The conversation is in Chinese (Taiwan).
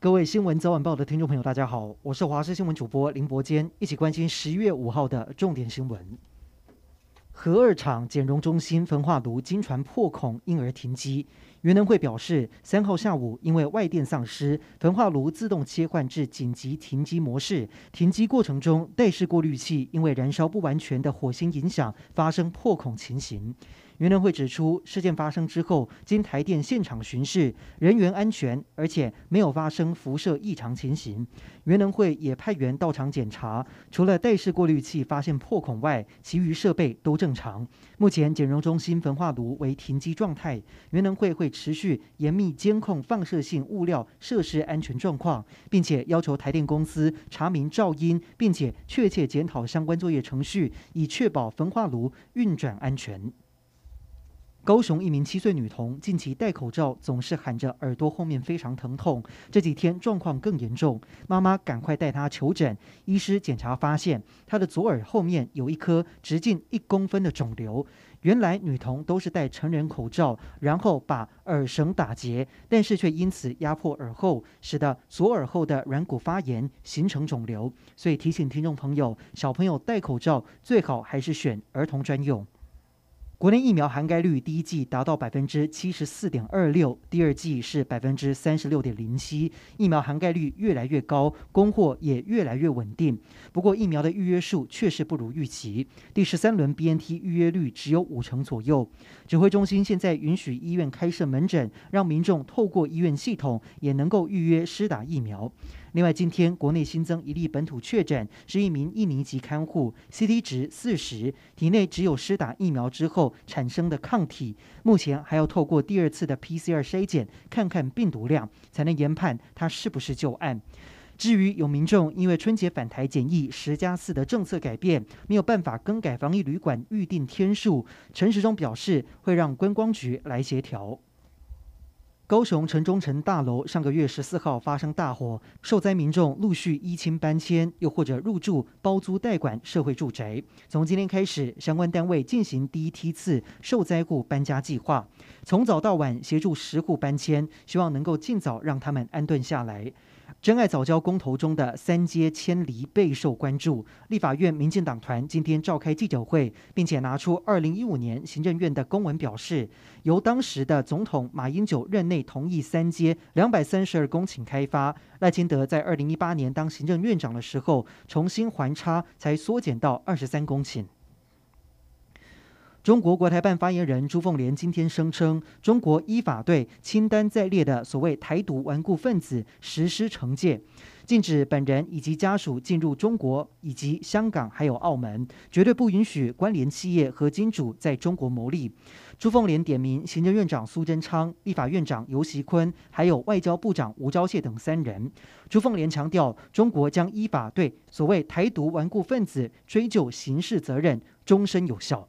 各位新聞早晚報的聽眾朋友，大家好，我是華視新聞主播林博堅，一起關心十一月五號的重點新聞。核二廠減容中心焚化爐驚傳破孔，因而停機。原能會表示，三號下午因為外電喪失，焚化爐自動切換至緊急停機模式。停機過程中，袋式過濾器因為燃燒不完全的火星影響，發生破孔情形。原能會指出，事件發生之後，經台電現場巡視，人員安全，而且沒有發生輻射異常情形。原能會也派員到場檢查，除了袋式過濾器發現破孔外，其餘設備都正常。目前，減容中心焚化爐為停機狀態。原能會會持續嚴密監控放射性物料設施安全狀況，並且要求台電公司查明肇因，並且確切檢討相關作業程序，以確保焚化爐運轉安全。高雄一名七歲女童近期戴口罩總是喊着耳朵後面非常疼痛，這幾天狀況更嚴重，媽媽趕快帶她求診。醫師檢查發現，她的左耳後面有一顆直徑一公分的腫瘤。原來女童都是戴成人口罩，然後把耳繩打結，但是卻因此壓迫耳後，使得左耳後的軟骨發炎，形成腫瘤。所以提醒聽眾朋友，小朋友戴口罩最好還是選兒童專用。國內疫苗涵蓋率第一劑達到百分之七十四點二六，第二劑是百分之三十六點零七，疫苗涵蓋率越來越高，供貨也越來越穩定。不過疫苗的預約數確實不如預期，第十三輪 BNT 預約率只有五成左右。指揮中心現在允許醫院開設門診，讓民眾透過醫院系統也能夠預約施打疫苗。另外，今天國內新增一例本土確診，是一名印尼籍看護，C T 值四十，體內只有施打疫苗之後產生的抗體。目前還要透過第二次的 P C R 篩檢，看看病毒量，才能研判它是不是舊案。至於有民眾因為春節返台檢疫十加四的政策改變，沒有辦法更改防疫旅館預定天數，陳時中表示會讓觀光局來協調。高雄城中城大樓上個月十四號發生大火，受災民眾陸續已經搬遷，又或者入住包租代管社會住宅。從今天開始，相關單位進行第一梯次受災戶搬家計劃，從早到晚協助十戶搬遷，希望能夠盡早讓他們安頓下來。珍愛藻礁公投中的三接遷離備受關注。立法院民進黨團今天召開記者會，並且拿出二零一五年行政院的公文，表示由當時的總統馬英九任內同意三接兩百三十二公頃開發，賴清德在二零一八年當行政院長的時候重新環差才，才縮減到二十三公頃。中國國台辦發言人朱鳳蓮今天聲稱，中國依法對清單在列的所謂台獨頑固分子實施懲戒，禁止本人以及家屬進入中國以及香港還有澳門，絕對不允許關聯企業和金主在中國牟利。朱鳳蓮點名行政院長蘇貞昌、立法院長游錫堃，還有外交部長吳釗燮等三人。朱鳳蓮強調，中國將依法對所謂台獨頑固分子追究刑事責任，終身有效。